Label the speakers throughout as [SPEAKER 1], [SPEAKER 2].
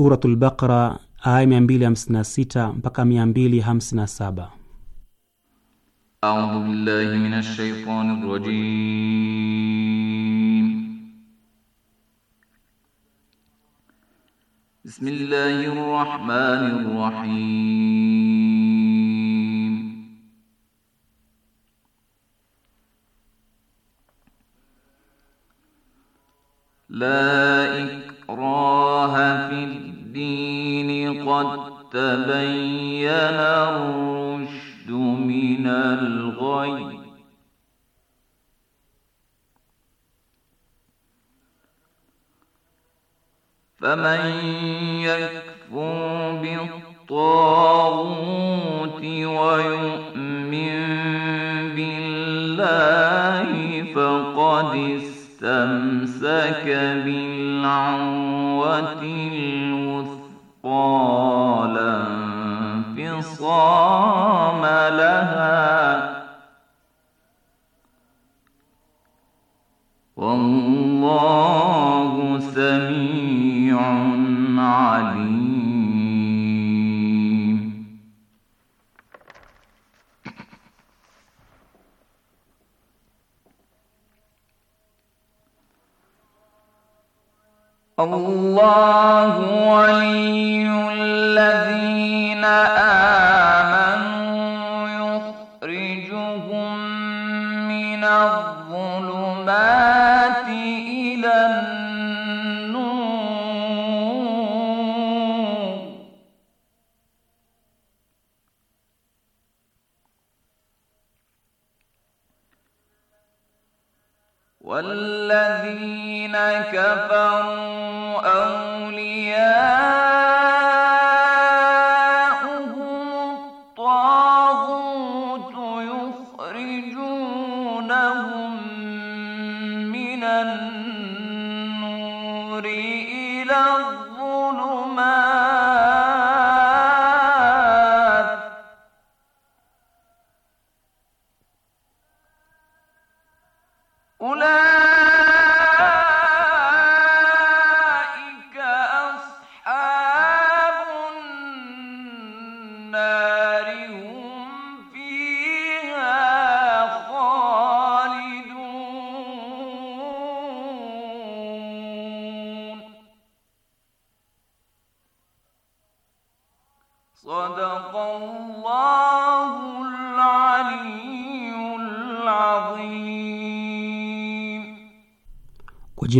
[SPEAKER 1] Suratul Baqara aya sita mpaka saba.
[SPEAKER 2] A'udhu billahi minash shaitani rajim. Bismillahir rahmanir rahim.
[SPEAKER 3] La
[SPEAKER 2] قد تبين الرشد من الغي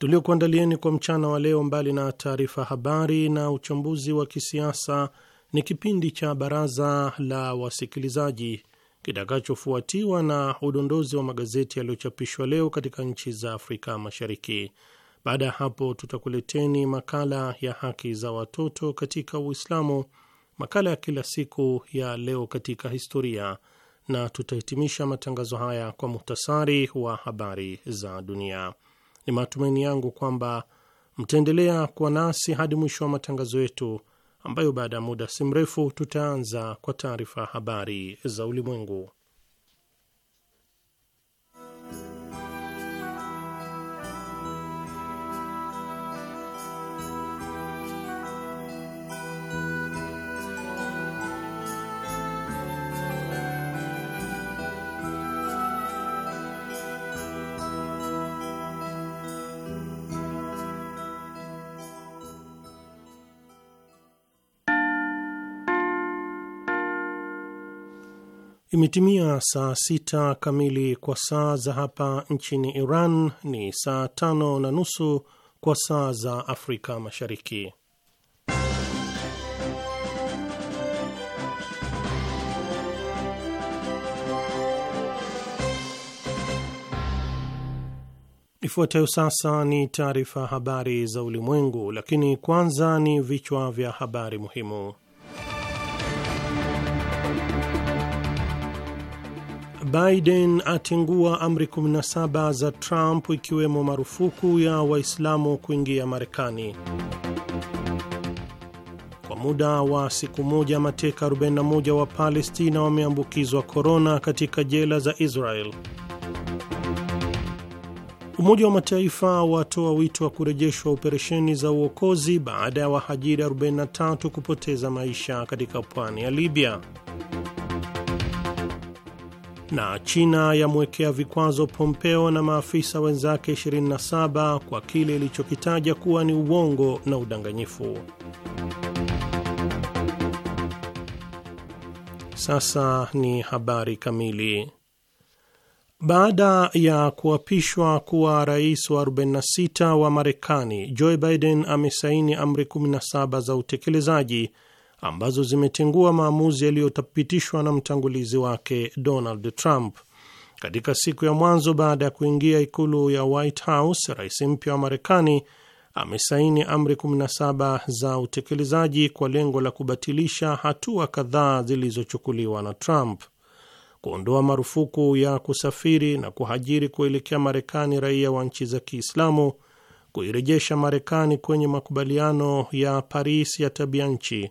[SPEAKER 4] tuliokuandalieni kwa mchana wa leo, mbali na taarifa habari na uchambuzi wa kisiasa, ni kipindi cha baraza la wasikilizaji kitakachofuatiwa na udondozi wa magazeti yaliyochapishwa leo katika nchi za Afrika Mashariki. Baada ya hapo, tutakuleteni makala ya haki za watoto katika Uislamu, makala ya kila siku ya leo katika historia, na tutahitimisha matangazo haya kwa muhtasari wa habari za dunia. Ni matumaini yangu kwamba mtaendelea kuwa nasi hadi mwisho wa matangazo yetu ambayo baada ya muda si mrefu tutaanza kwa taarifa habari za ulimwengu. Imetimia saa sita kamili kwa saa za hapa nchini Iran, ni saa tano na nusu kwa saa za Afrika Mashariki. Ifuatayo sasa ni taarifa habari za ulimwengu, lakini kwanza ni vichwa vya habari muhimu. Biden atengua amri 17 za Trump ikiwemo marufuku ya Waislamu kuingia Marekani. Kwa muda wa siku moja, mateka 41 wa Palestina wameambukizwa korona katika jela za Israel. Umoja wa Mataifa watoa wito wa kurejeshwa operesheni za uokozi baada ya wahajiri 43 kupoteza maisha katika pwani ya Libya na China yamwekea vikwazo Pompeo na maafisa wenzake 27 kwa kile ilichokitaja kuwa ni uongo na udanganyifu. Sasa ni habari kamili. Baada ya kuapishwa kuwa rais wa 46 wa Marekani, Joe Biden amesaini amri 17 za utekelezaji ambazo zimetengua maamuzi yaliyopitishwa na mtangulizi wake Donald Trump. Katika siku ya mwanzo baada ya kuingia ikulu ya White House, rais mpya wa Marekani amesaini amri 17 za utekelezaji kwa lengo la kubatilisha hatua kadhaa zilizochukuliwa na Trump: kuondoa marufuku ya kusafiri na kuhajiri kuelekea Marekani raia wa nchi za Kiislamu, kuirejesha Marekani kwenye makubaliano ya Paris ya tabia nchi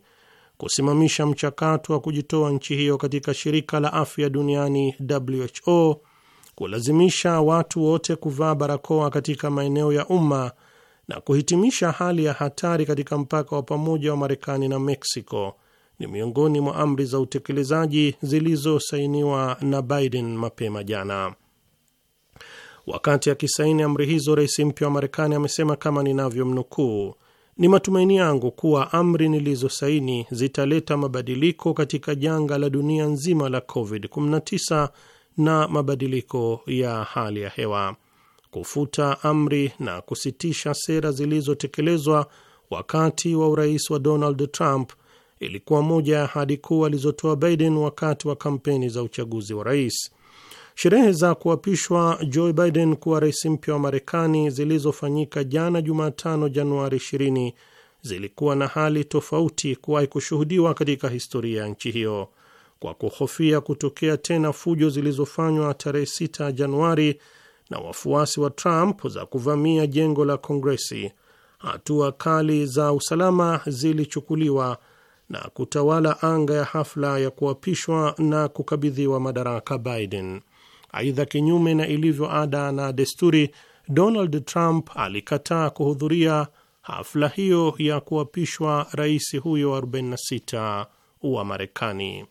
[SPEAKER 4] kusimamisha mchakato wa kujitoa nchi hiyo katika shirika la afya duniani WHO, kulazimisha watu wote kuvaa barakoa katika maeneo ya umma na kuhitimisha hali ya hatari katika mpaka wa pamoja wa Marekani na Meksiko ni miongoni mwa amri za utekelezaji zilizosainiwa na Biden mapema jana. Wakati akisaini amri hizo, rais mpya wa Marekani amesema kama ninavyomnukuu ni matumaini yangu kuwa amri nilizosaini zitaleta mabadiliko katika janga la dunia nzima la COVID-19 na mabadiliko ya hali ya hewa. Kufuta amri na kusitisha sera zilizotekelezwa wakati wa urais wa Donald Trump ilikuwa moja ya ahadi kuu alizotoa Biden wakati wa kampeni za uchaguzi wa rais. Sherehe za kuapishwa Joe Biden kuwa rais mpya wa Marekani zilizofanyika jana Jumatano, Januari 20 zilikuwa na hali tofauti kuwahi kushuhudiwa katika historia ya nchi hiyo. Kwa kuhofia kutokea tena fujo zilizofanywa tarehe 6 Januari na wafuasi wa Trump za kuvamia jengo la Kongresi, hatua kali za usalama zilichukuliwa na kutawala anga ya hafla ya kuapishwa na kukabidhiwa madaraka Biden. Aidha, kinyume na ilivyo ada na desturi, Donald Trump alikataa kuhudhuria hafla hiyo ya kuapishwa rais huyo 46 wa Marekani.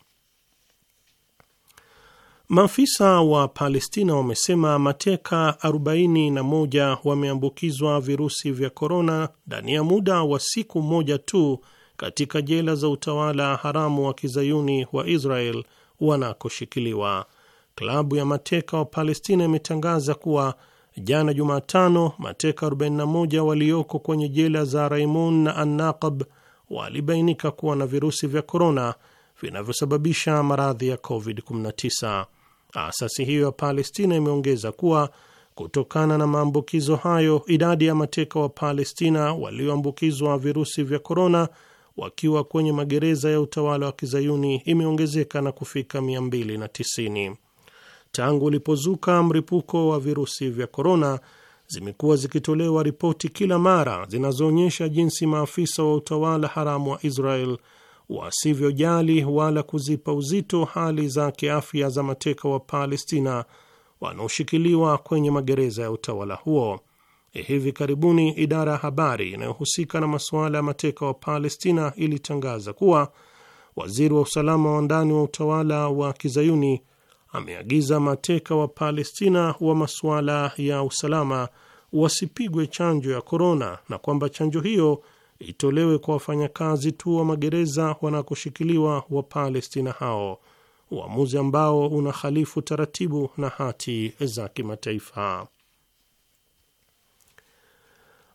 [SPEAKER 4] Maafisa wa Palestina wamesema mateka 41 wameambukizwa virusi vya korona ndani ya muda wa siku moja tu katika jela za utawala haramu wa kizayuni wa Israel wanakoshikiliwa klabu ya mateka wa Palestina imetangaza kuwa jana Jumatano, mateka 41 walioko kwenye jela za Raimun na Annaqab walibainika kuwa na virusi vya korona vinavyosababisha maradhi ya COVID-19. Asasi hiyo ya Palestina imeongeza kuwa kutokana na maambukizo hayo, idadi ya mateka wa Palestina walioambukizwa virusi vya korona wakiwa kwenye magereza ya utawala wa kizayuni imeongezeka na kufika 290 tangu ulipozuka mripuko wa virusi vya korona, zimekuwa zikitolewa ripoti kila mara zinazoonyesha jinsi maafisa wa utawala haramu wa Israel wasivyojali wala kuzipa uzito hali za kiafya za mateka wa Palestina wanaoshikiliwa kwenye magereza ya utawala huo. E, hivi karibuni idara ya habari inayohusika na masuala ya mateka wa Palestina ilitangaza kuwa waziri wa usalama wa ndani wa utawala wa kizayuni ameagiza mateka wa Palestina wa masuala ya usalama wasipigwe chanjo ya korona na kwamba chanjo hiyo itolewe kwa wafanyakazi tu wa magereza wanakoshikiliwa Wapalestina hao, uamuzi ambao unahalifu taratibu na hati za kimataifa.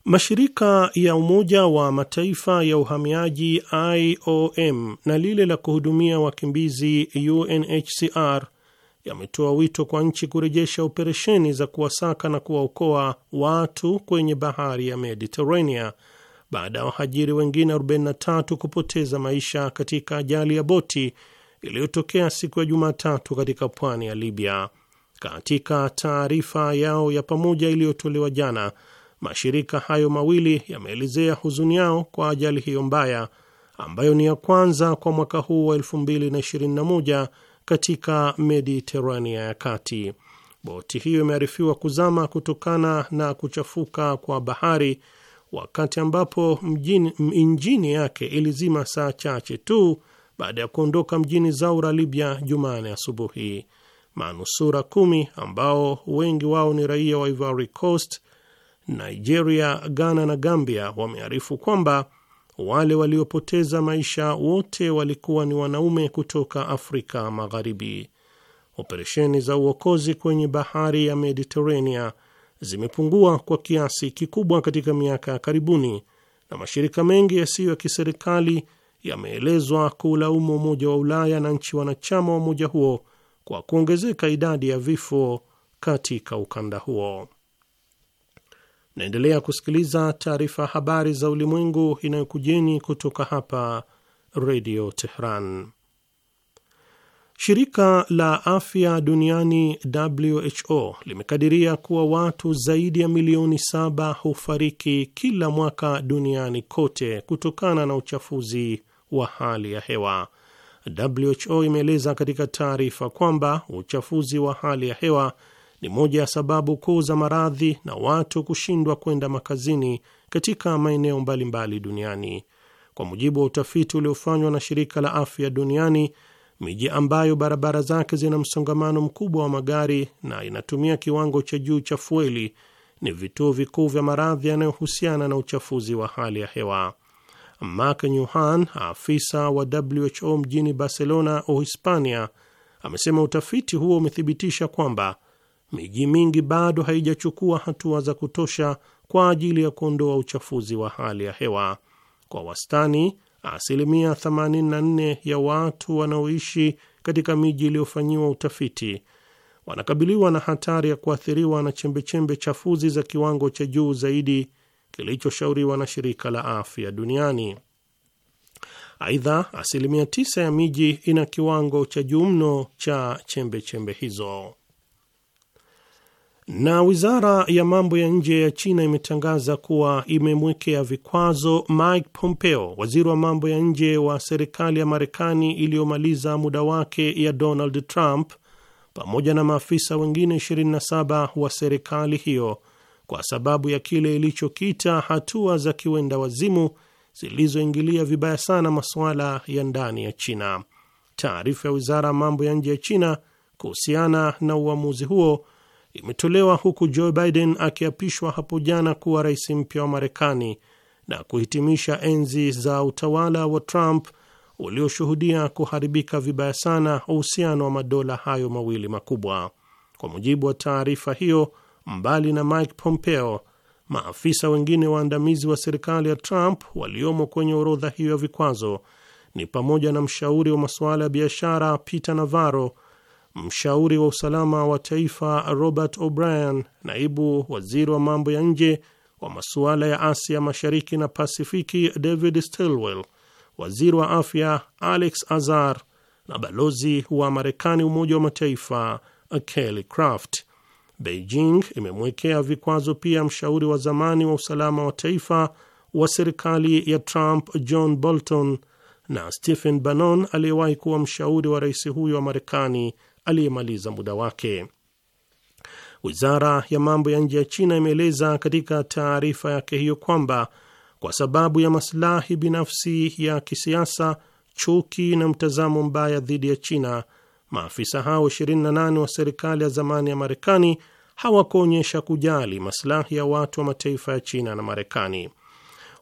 [SPEAKER 4] Mashirika ya Umoja wa Mataifa ya uhamiaji IOM na lile la kuhudumia wakimbizi UNHCR yametoa wito kwa nchi kurejesha operesheni za kuwasaka na kuwaokoa watu kwenye bahari ya Mediterania baada ya wahajiri wengine 43 kupoteza maisha katika ajali ya boti iliyotokea siku ya Jumatatu katika pwani ya Libya. Katika taarifa yao ya pamoja iliyotolewa jana, mashirika hayo mawili yameelezea huzuni yao kwa ajali hiyo mbaya ambayo ni ya kwanza kwa mwaka huu wa 2021 katika Mediterania ya kati. Boti hiyo imearifiwa kuzama kutokana na kuchafuka kwa bahari, wakati ambapo injini yake ilizima saa chache tu baada ya kuondoka mjini Zaura, Libya, Jumane asubuhi. Manusura kumi ambao wengi wao ni raia wa Ivory Coast, Nigeria, Ghana na Gambia wamearifu kwamba wale waliopoteza maisha wote walikuwa ni wanaume kutoka Afrika Magharibi. Operesheni za uokozi kwenye bahari ya Mediterania zimepungua kwa kiasi kikubwa katika miaka ya karibuni, na mashirika mengi yasiyo ya kiserikali yameelezwa kuulaumu Umoja wa Ulaya na nchi wanachama wa umoja huo kwa kuongezeka idadi ya vifo katika ukanda huo. Naendelea kusikiliza taarifa habari za ulimwengu inayokujeni kutoka hapa Redio Tehran. Shirika la afya duniani WHO limekadiria kuwa watu zaidi ya milioni saba hufariki kila mwaka duniani kote kutokana na uchafuzi wa hali ya hewa. WHO imeeleza katika taarifa kwamba uchafuzi wa hali ya hewa ni moja ya sababu kuu za maradhi na watu kushindwa kwenda makazini katika maeneo mbalimbali duniani. Kwa mujibu wa utafiti uliofanywa na shirika la afya duniani, miji ambayo barabara zake zina msongamano mkubwa wa magari na inatumia kiwango cha juu cha fueli ni vituo vikuu vya maradhi yanayohusiana na uchafuzi wa hali ya hewa. Mark Nyuhan, afisa wa WHO mjini Barcelona, Uhispania, amesema utafiti huo umethibitisha kwamba miji mingi bado haijachukua hatua za kutosha kwa ajili ya kuondoa uchafuzi wa hali ya hewa. Kwa wastani, asilimia 84 ya watu wanaoishi katika miji iliyofanyiwa utafiti wanakabiliwa na hatari ya kuathiriwa na chembechembe chafuzi za kiwango cha juu zaidi kilichoshauriwa na shirika la afya duniani. Aidha, asilimia 9 ya miji ina kiwango cha juu mno cha chembechembe hizo. Na wizara ya mambo ya nje ya China imetangaza kuwa imemwekea vikwazo Mike Pompeo, waziri wa mambo ya nje wa serikali ya Marekani iliyomaliza muda wake ya Donald Trump, pamoja na maafisa wengine 27 wa serikali hiyo kwa sababu ya kile ilichokita hatua za kiwenda wazimu zilizoingilia vibaya sana masuala ya ndani ya China. Taarifa ya wizara ya mambo ya nje ya China kuhusiana na uamuzi huo imetolewa huku Joe Biden akiapishwa hapo jana kuwa rais mpya wa Marekani na kuhitimisha enzi za utawala wa Trump ulioshuhudia kuharibika vibaya sana uhusiano wa madola hayo mawili makubwa. Kwa mujibu wa taarifa hiyo, mbali na Mike Pompeo, maafisa wengine waandamizi wa serikali ya Trump waliomo kwenye orodha hiyo ya vikwazo ni pamoja na mshauri wa masuala ya biashara Peter Navarro mshauri wa usalama wa taifa Robert O'Brien, naibu waziri wa mambo ya nje wa masuala ya Asia Mashariki na Pasifiki David Stilwell, waziri wa afya Alex Azar na balozi wa Marekani Umoja wa Mataifa Kelly Craft. Beijing imemwekea vikwazo pia mshauri wa zamani wa usalama wa taifa wa serikali ya Trump John Bolton na Stephen Bannon aliyewahi kuwa mshauri wa rais huyo wa Marekani aliyemaliza muda wake. Wizara ya mambo ya nje ya China imeeleza katika taarifa yake hiyo kwamba kwa sababu ya masilahi binafsi ya kisiasa, chuki na mtazamo mbaya dhidi ya China, maafisa hao 28 wa serikali ya zamani ya Marekani hawakuonyesha kujali masilahi ya watu wa mataifa ya China na Marekani.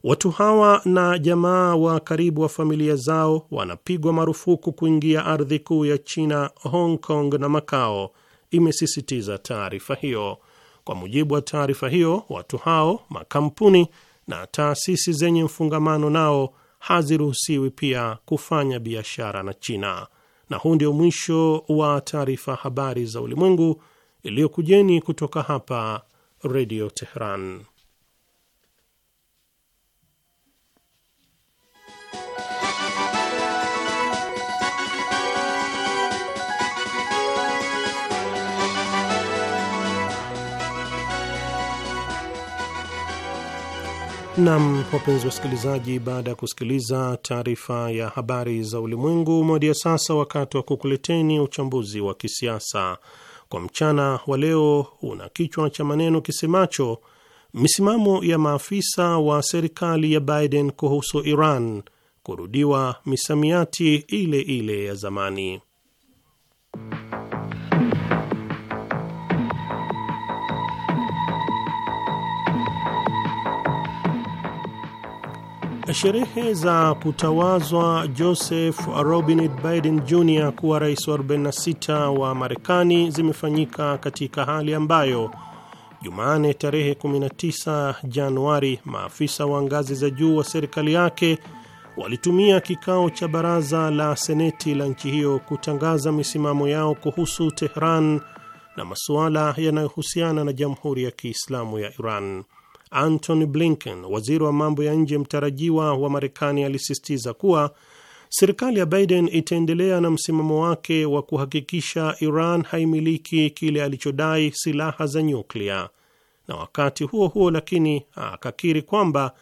[SPEAKER 4] Watu hawa na jamaa wa karibu wa familia zao wanapigwa marufuku kuingia ardhi kuu ya China, Hong Kong na makao imesisitiza taarifa hiyo. Kwa mujibu wa taarifa hiyo, watu hao, makampuni na taasisi zenye mfungamano nao haziruhusiwi pia kufanya biashara na China. Na huu ndio mwisho wa taarifa habari za ulimwengu iliyokujeni kutoka hapa Redio Teheran. Nam, wapenzi wasikilizaji, baada ya kusikiliza taarifa ya habari za ulimwengu moja, sasa wakati wa kukuleteni uchambuzi wa kisiasa kwa mchana wa leo. Una kichwa cha maneno kisemacho misimamo ya maafisa wa serikali ya Biden kuhusu Iran, kurudiwa misamiati ile ile ya zamani. Sherehe za kutawazwa Joseph Robin Biden Jr kuwa rais wa 46 wa Marekani zimefanyika katika hali ambayo Jumane tarehe 19 Januari, maafisa wa ngazi za juu wa serikali yake walitumia kikao cha baraza la seneti la nchi hiyo kutangaza misimamo yao kuhusu Tehran na masuala yanayohusiana na Jamhuri ya Kiislamu ya Iran. Antony Blinken, waziri wa mambo ya nje mtarajiwa wa Marekani, alisisitiza kuwa serikali ya Biden itaendelea na msimamo wake wa kuhakikisha Iran haimiliki kile alichodai silaha za nyuklia, na wakati huo huo lakini akakiri kwamba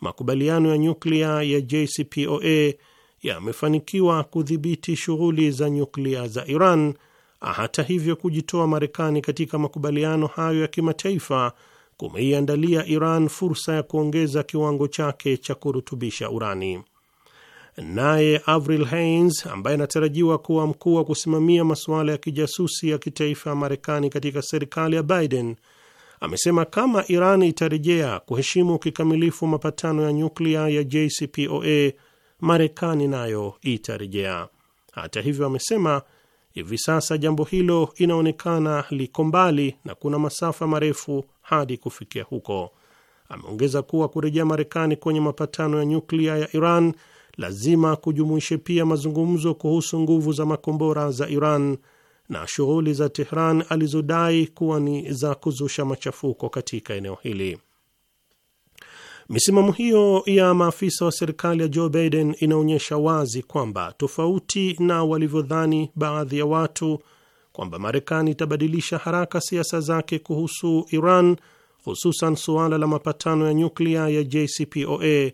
[SPEAKER 4] makubaliano ya nyuklia ya JCPOA yamefanikiwa kudhibiti shughuli za nyuklia za Iran. Hata hivyo, kujitoa Marekani katika makubaliano hayo ya kimataifa kumeiandalia Iran fursa ya kuongeza kiwango chake cha kurutubisha urani. Naye Avril Haines ambaye anatarajiwa kuwa mkuu wa kusimamia masuala ya kijasusi ya kitaifa ya Marekani katika serikali ya Biden amesema kama Iran itarejea kuheshimu kikamilifu mapatano ya nyuklia ya JCPOA, Marekani nayo itarejea. Hata hivyo, amesema Hivi sasa jambo hilo inaonekana liko mbali na kuna masafa marefu hadi kufikia huko. Ameongeza kuwa kurejea Marekani kwenye mapatano ya nyuklia ya Iran lazima kujumuishe pia mazungumzo kuhusu nguvu za makombora za Iran na shughuli za Tehran alizodai kuwa ni za kuzusha machafuko katika eneo hili. Misimamo hiyo ya maafisa wa serikali ya Joe Biden inaonyesha wazi kwamba tofauti na walivyodhani baadhi ya watu kwamba Marekani itabadilisha haraka siasa zake kuhusu Iran, hususan suala la mapatano ya nyuklia ya JCPOA,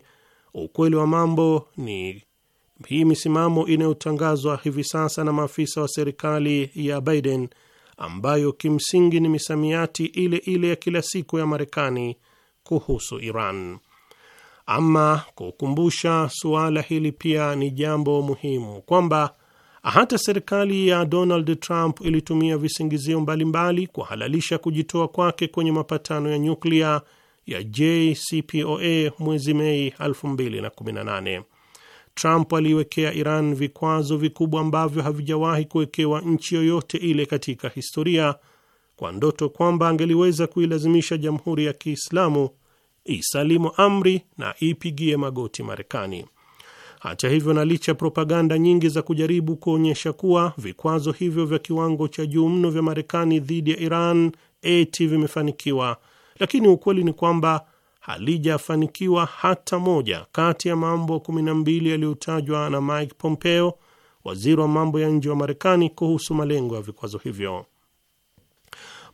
[SPEAKER 4] ukweli wa mambo ni hii misimamo inayotangazwa hivi sasa na maafisa wa serikali ya Biden, ambayo kimsingi ni misamiati ile ile ya kila siku ya Marekani kuhusu Iran. Ama kukumbusha suala hili pia ni jambo muhimu kwamba hata serikali ya Donald Trump ilitumia visingizio mbalimbali kuhalalisha kujitoa kwake kwenye mapatano ya nyuklia ya JCPOA mwezi Mei 2018. Trump aliiwekea Iran vikwazo vikubwa ambavyo havijawahi kuwekewa nchi yoyote ile katika historia, kwa ndoto kwamba angeliweza kuilazimisha Jamhuri ya Kiislamu isalimu amri na ipigie magoti Marekani. Hata hivyo, na licha ya propaganda nyingi za kujaribu kuonyesha kuwa vikwazo hivyo vya kiwango cha juu mno vya Marekani dhidi ya Iran eti vimefanikiwa, lakini ukweli ni kwamba halijafanikiwa hata moja kati ya mambo 12 yaliyotajwa na Mike Pompeo, waziri wa mambo ya nje wa Marekani, kuhusu malengo ya vikwazo hivyo.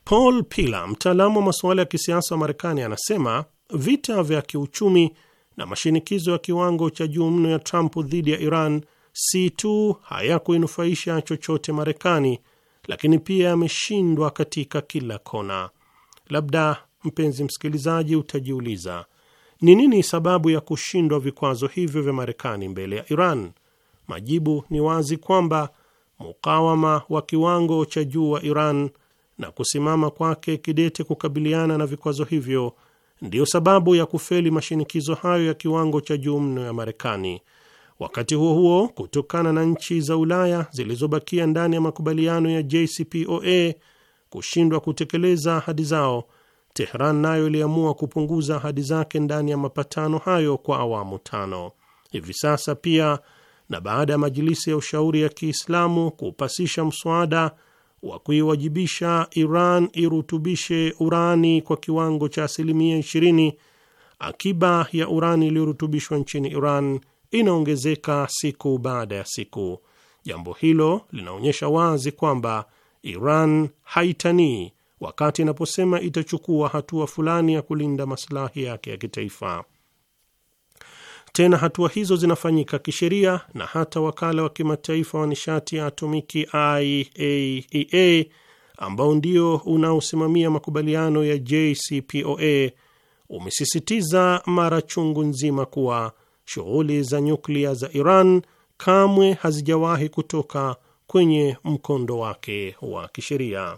[SPEAKER 4] Paul Pillar, mtaalamu wa masuala ya kisiasa wa Marekani, anasema vita vya kiuchumi na mashinikizo ya kiwango cha juu mno ya Trump dhidi ya Iran si tu hayakuinufaisha chochote Marekani, lakini pia yameshindwa katika kila kona. Labda mpenzi msikilizaji, utajiuliza ni nini sababu ya kushindwa vikwazo hivyo vya Marekani mbele ya Iran? Majibu ni wazi kwamba mukawama wa kiwango cha juu wa Iran na kusimama kwake kidete kukabiliana na vikwazo hivyo ndiyo sababu ya kufeli mashinikizo hayo ya kiwango cha juu mno ya Marekani. Wakati huo huo, kutokana na nchi za Ulaya zilizobakia ndani ya makubaliano ya JCPOA kushindwa kutekeleza ahadi zao, Tehran nayo iliamua kupunguza ahadi zake ndani ya mapatano hayo kwa awamu tano. Hivi sasa pia na baada ya majilisi ya ushauri ya Kiislamu kupasisha mswada wa kuiwajibisha Iran irutubishe urani kwa kiwango cha asilimia 20, akiba ya urani iliyorutubishwa nchini Iran inaongezeka siku baada ya siku. Jambo hilo linaonyesha wazi kwamba Iran haitanii wakati inaposema itachukua hatua fulani ya kulinda maslahi yake ya kitaifa. Tena hatua hizo zinafanyika kisheria na hata wakala wa kimataifa wa nishati ya atomiki IAEA e ambao ndio unaosimamia makubaliano ya JCPOA umesisitiza mara chungu nzima kuwa shughuli za nyuklia za Iran kamwe hazijawahi kutoka kwenye mkondo wake wa kisheria.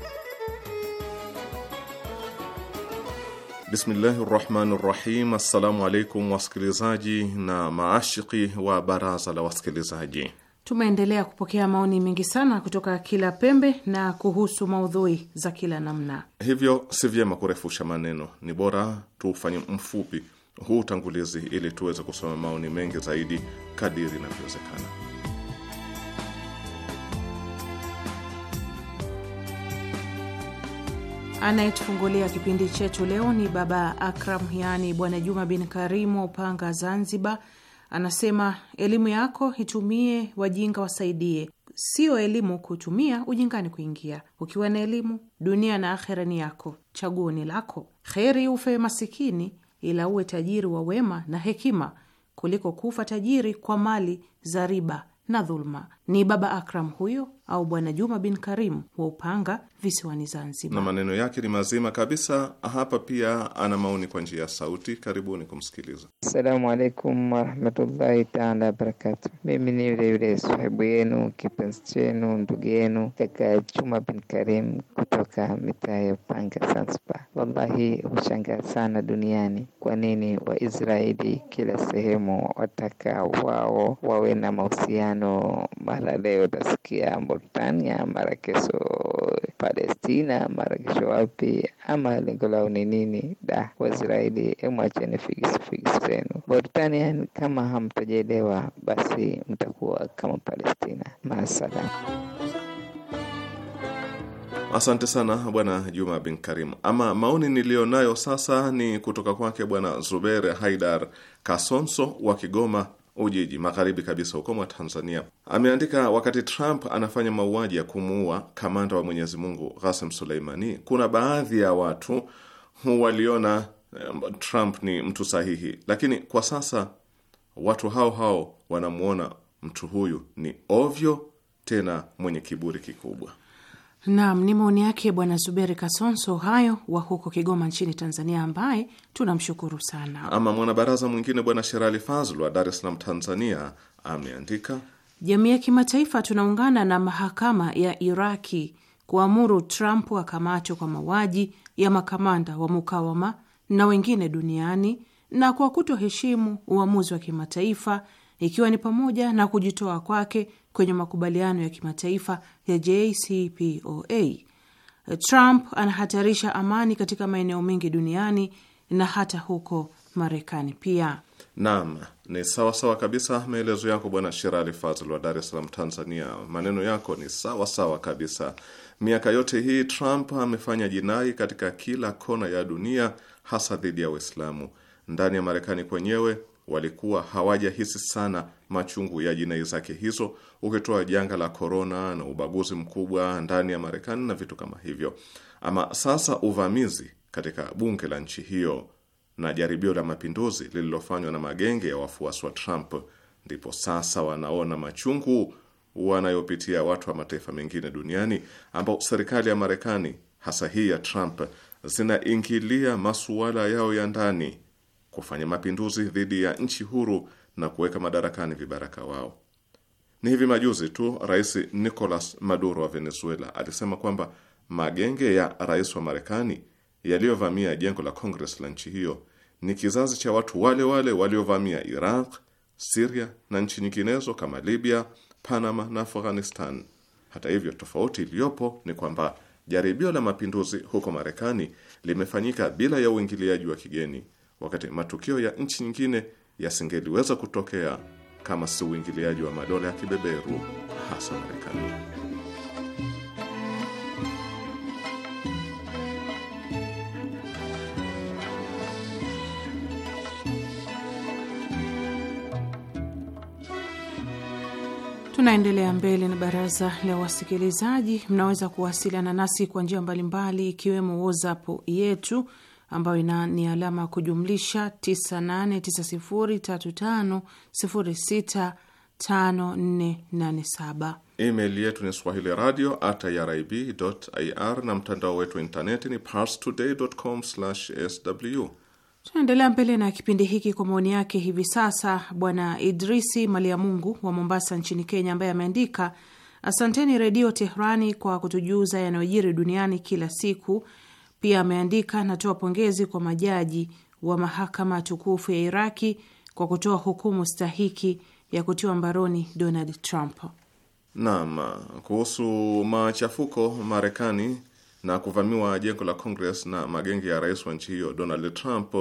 [SPEAKER 3] Bismillahi rahmani rahim. Assalamu alaikum wasikilizaji na maashiki wa baraza la wasikilizaji.
[SPEAKER 5] Tumeendelea kupokea maoni mengi sana kutoka kila pembe na kuhusu maudhui za kila namna,
[SPEAKER 3] hivyo si vyema kurefusha maneno, ni bora tuufanye mfupi huu utangulizi ili tuweze kusoma maoni mengi zaidi kadiri inavyowezekana.
[SPEAKER 5] Anayetufungulia kipindi chetu leo ni Baba Akram, yaani Bwana Juma bin Karimu wa Upanga, Zanzibar. Anasema elimu yako itumie, wajinga wasaidie, siyo elimu kutumia ujingani kuingia. Ukiwa na elimu, dunia na akhera ni yako, chaguo ni lako. Kheri ufe masikini, ila uwe tajiri wa wema na hekima, kuliko kufa tajiri kwa mali za riba na dhuluma. Ni Baba Akram huyo au Bwana Juma bin karim wa Upanga visiwani Zanzibar, na
[SPEAKER 3] maneno yake ni mazima kabisa. Hapa pia ana maoni kwa njia ya sauti, karibuni kumsikiliza.
[SPEAKER 2] Assalamu alaikum warahmatullahi taala wabarakatu. Mimi ni yule yule sahibu yenu kipenzi chenu ndugu yenu kaka Juma bin karim kutoka mitaa ya Upanga Zanzibar. Wallahi hushangaa sana duniani kwa nini Waisraeli kila sehemu wataka wao wawe na mahusiano mahala leo utasikia Mauritania, mara kesho Palestina, mara kesho wapi, ama lengo lao ni nini? Da, Waisraeli, emwacheni figisi figisi zenu. Mauritania kama hamtajielewa, basi mtakuwa kama Palestina. Masala.
[SPEAKER 3] Asante sana Bwana Juma bin Karim. Ama maoni niliyonayo sasa ni kutoka kwake Bwana Zuber Haidar Kasonso wa Kigoma Ujiji, magharibi kabisa huko mwa Tanzania. Ameandika, wakati Trump anafanya mauaji ya kumuua kamanda wa Mwenyezi Mungu suleimani kuna baadhi ya watu waliona eh, Trump ni mtu sahihi, lakini kwa sasa watu hao hao wanamwona mtu huyu ni ovyo, tena mwenye kiburi kikubwa.
[SPEAKER 5] Naam, ni maoni yake Bwana Zuberi Kasonso hayo wa huko Kigoma nchini Tanzania, ambaye tunamshukuru sana.
[SPEAKER 3] Ama mwanabaraza mwingine Bwana Sherali Fazl wa Dar es Salaam, Tanzania, ameandika
[SPEAKER 5] jamii ya kimataifa tunaungana na mahakama ya Iraki kuamuru Trump akamatwe kwa mauaji ya makamanda wa mukawama na wengine duniani na kwa kutoheshimu uamuzi wa kimataifa ikiwa ni pamoja na kujitoa kwake kwenye makubaliano ya kimataifa ya JCPOA. Trump anahatarisha amani katika maeneo mengi duniani na hata huko Marekani pia.
[SPEAKER 3] Naam, ni sawa sawa kabisa maelezo yako Bwana Shirali Fazl wa Dar es Salaam, Tanzania. Maneno yako ni sawa sawa kabisa. Miaka yote hii Trump amefanya jinai katika kila kona ya dunia, hasa dhidi ya Waislamu. Ndani ya Marekani kwenyewe walikuwa hawajahisi sana machungu ya jinai zake hizo, ukitoa janga la korona na ubaguzi mkubwa ndani ya Marekani na vitu kama hivyo. Ama sasa uvamizi katika bunge la nchi hiyo na jaribio la mapinduzi lililofanywa na magenge ya wafuasi wa Trump, ndipo sasa wanaona machungu wanayopitia watu wa mataifa mengine duniani ambao serikali ya Marekani hasa hii ya Trump zinaingilia masuala yao ya ndani kufanya mapinduzi dhidi ya nchi huru na kuweka madarakani vibaraka wao. Ni hivi majuzi tu Rais Nicolas Maduro wa Venezuela alisema kwamba magenge ya rais wa Marekani yaliyovamia jengo la Congress la nchi hiyo ni kizazi cha watu wale wale waliovamia Iraq, Siria na nchi nyinginezo kama Libya, Panama na Afghanistan. Hata hivyo, tofauti iliyopo ni kwamba jaribio la mapinduzi huko Marekani limefanyika bila ya uingiliaji wa kigeni wakati matukio ya nchi nyingine yasingeliweza kutokea kama si uingiliaji wa madola ya kibeberu hasa Marekani.
[SPEAKER 5] Tunaendelea mbele na baraza la wasikilizaji. Mnaweza kuwasiliana nasi kwa njia mbalimbali, ikiwemo WhatsApp yetu ambayo ina ni alama ya kujumlisha 989035065487.
[SPEAKER 3] Email yetu ni swahili radio at irib ir, na mtandao wetu wa intaneti ni parstoday.com/sw.
[SPEAKER 5] Tunaendelea mbele na kipindi hiki kwa maoni yake hivi sasa, Bwana Idrisi Maliamungu wa Mombasa nchini Kenya, ambaye ameandika asanteni Redio Tehrani kwa kutujuza yanayojiri duniani kila siku pia ameandika anatoa pongezi kwa majaji wa mahakama tukufu ya Iraki kwa kutoa hukumu stahiki ya kutiwa mbaroni Donald Trump.
[SPEAKER 3] Naam, kuhusu machafuko Marekani na kuvamiwa jengo la Congress na magenge ya rais wa nchi hiyo Donald Trump,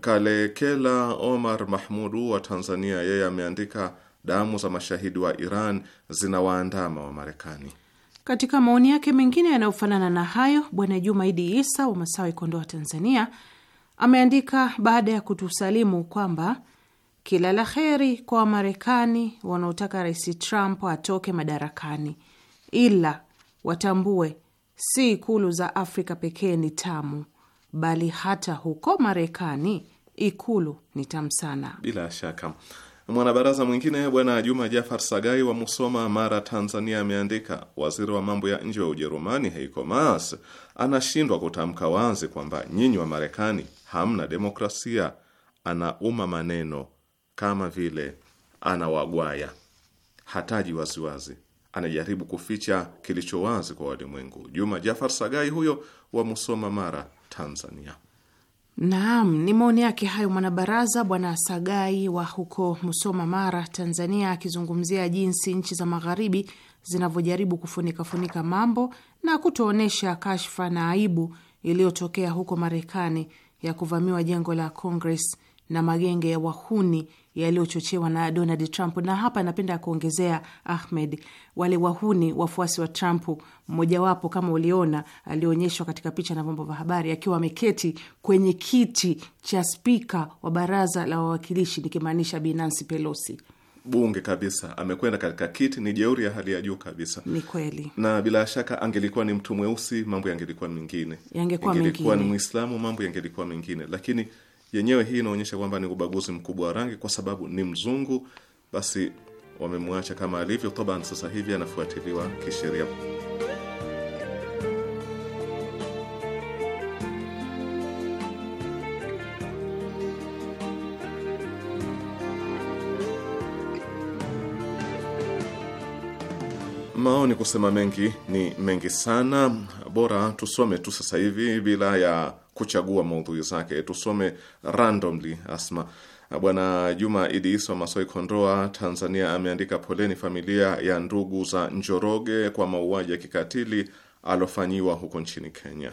[SPEAKER 3] Kalekela Omar Mahmudu wa Tanzania, yeye ameandika damu za mashahidi wa Iran zinawaandama wa Marekani.
[SPEAKER 5] Katika maoni yake mengine yanayofanana na hayo, Bwana Jumaidi Isa wa Masawi, Kondoa, Tanzania, ameandika baada ya kutusalimu kwamba kila la heri kwa Wamarekani wanaotaka Rais Trump atoke madarakani, ila watambue si ikulu za Afrika pekee ni tamu, bali hata huko Marekani ikulu ni tamu sana.
[SPEAKER 3] Bila shaka Mwanabaraza mwingine bwana Juma Jafar Sagai wa Musoma, Mara, Tanzania, ameandika waziri wa mambo ya nje wa Ujerumani Heiko Maas anashindwa kutamka wazi kwamba nyinyi wa Marekani hamna demokrasia. Anauma maneno kama vile anawagwaya, hataji waziwazi wazi. Anajaribu kuficha kilicho wazi kwa walimwengu. Juma Jafar Sagai huyo wa Musoma, Mara, Tanzania.
[SPEAKER 5] Naam, ni maoni yake hayo mwanabaraza Bwana Sagai wa huko Musoma, Mara, Tanzania, akizungumzia jinsi nchi za Magharibi zinavyojaribu kufunikafunika mambo na kutoonyesha kashfa na aibu iliyotokea huko Marekani ya kuvamiwa jengo la Congress na magenge ya wahuni yaliyochochewa na Donald Trump. Na hapa napenda kuongezea Ahmed, wale wahuni wafuasi wa Trump, mmojawapo kama uliona alionyeshwa katika picha na vyombo vya habari akiwa ameketi kwenye kiti cha spika wa baraza la wawakilishi, nikimaanisha Bi Nancy Pelosi
[SPEAKER 3] bunge kabisa, amekwenda katika kiti. Ni jeuri ya hali ya juu kabisa, ni kweli. Na bila shaka angelikuwa ni mtu mweusi, mambo yangelikuwa mengine, yangelikuwa ni Mwislamu, mambo yangelikuwa mengine, lakini yenyewe hii inaonyesha kwamba ni ubaguzi mkubwa wa rangi, kwa sababu ni mzungu, basi wamemwacha kama alivyo. Toban sasa hivi anafuatiliwa kisheria. Maoni kusema mengi ni mengi sana, bora tusome tu sasa hivi bila ya kuchagua maudhui zake. Tusome randomly. Asma Bwana Juma Idi Isa Masoi, Kondoa, Tanzania, ameandika poleni familia ya ndugu za Njoroge kwa mauaji ya kikatili alofanyiwa huko nchini Kenya.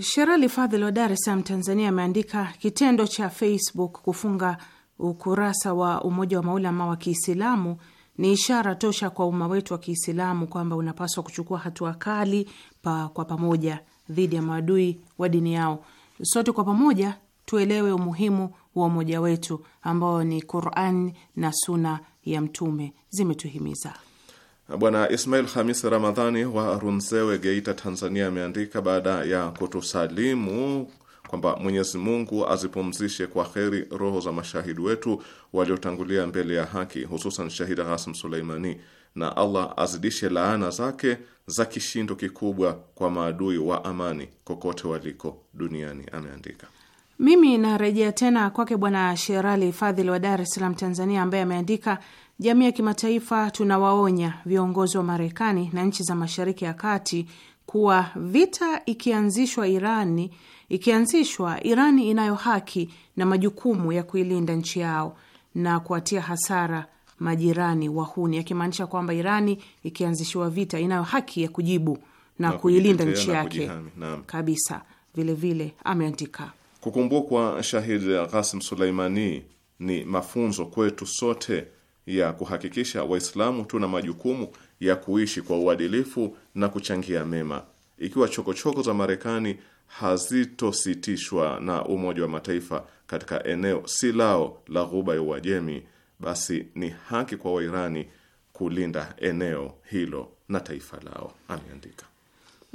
[SPEAKER 5] Sherali Fadhil wa Dar es Salaam, Tanzania, ameandika kitendo cha Facebook kufunga ukurasa wa Umoja wa Maulama wa Kiislamu ni ishara tosha kwa umma wetu wa Kiislamu kwamba unapaswa kuchukua hatua kali pa, kwa pamoja dhidi ya maadui wa dini yao. Sote kwa pamoja tuelewe umuhimu wa umoja wetu ambao ni Quran na Suna ya Mtume zimetuhimiza.
[SPEAKER 3] Bwana Ismail Hamis Ramadhani wa Runzewe, Geita, Tanzania, ameandika baada ya kutusalimu kwamba Mwenyezi Mungu azipumzishe kwa kheri roho za mashahidi wetu waliotangulia mbele ya haki, hususan Shahid ghasim Suleimani na Allah azidishe laana zake za kishindo kikubwa kwa maadui wa amani kokote waliko duniani, ameandika.
[SPEAKER 5] Mimi narejea tena kwake Bwana Sherali Fadhili wa Dar es Salaam, Tanzania, ambaye ameandika jamii ya kimataifa, tunawaonya viongozi wa Marekani na nchi za Mashariki ya Kati kuwa vita ikianzishwa Irani, ikianzishwa Irani inayo haki na majukumu ya kuilinda nchi yao na kuatia hasara majirani wahuni, akimaanisha kwamba Irani ikianzishiwa vita inayo haki ya kujibu na, na kuilinda nchi yake kabisa. Vilevile ameandika
[SPEAKER 3] kukumbukwa shahid Qasim Suleimani ni mafunzo kwetu sote ya kuhakikisha Waislamu tuna majukumu ya kuishi kwa uadilifu na kuchangia mema. Ikiwa chokochoko choko za Marekani hazitositishwa na Umoja wa Mataifa katika eneo si lao la Ghuba ya Uajemi, basi ni haki kwa Wairani kulinda eneo hilo na taifa lao, ameandika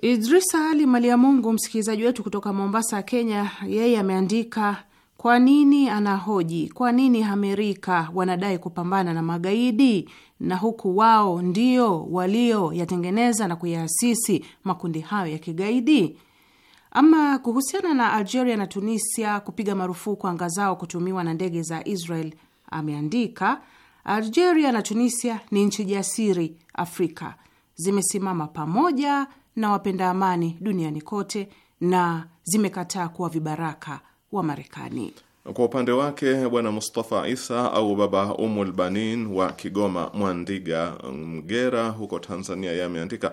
[SPEAKER 5] Idrisa Ali Mali ya Mungu, msikilizaji wetu kutoka Mombasa, Kenya. Yeye ameandika kwa nini anahoji, kwa nini Amerika wanadai kupambana na magaidi na huku wao ndio walioyatengeneza na kuyaasisi makundi hayo ya kigaidi? Ama kuhusiana na Algeria na Tunisia kupiga marufuku anga zao kutumiwa na ndege za Israel ameandika Algeria na Tunisia ni nchi jasiri Afrika, zimesimama pamoja na wapenda amani duniani kote na zimekataa kuwa vibaraka wa Marekani.
[SPEAKER 3] Kwa upande wake Bwana Mustafa Isa au Baba Umul Banin wa Kigoma Mwandiga, Mgera huko Tanzania, yameandika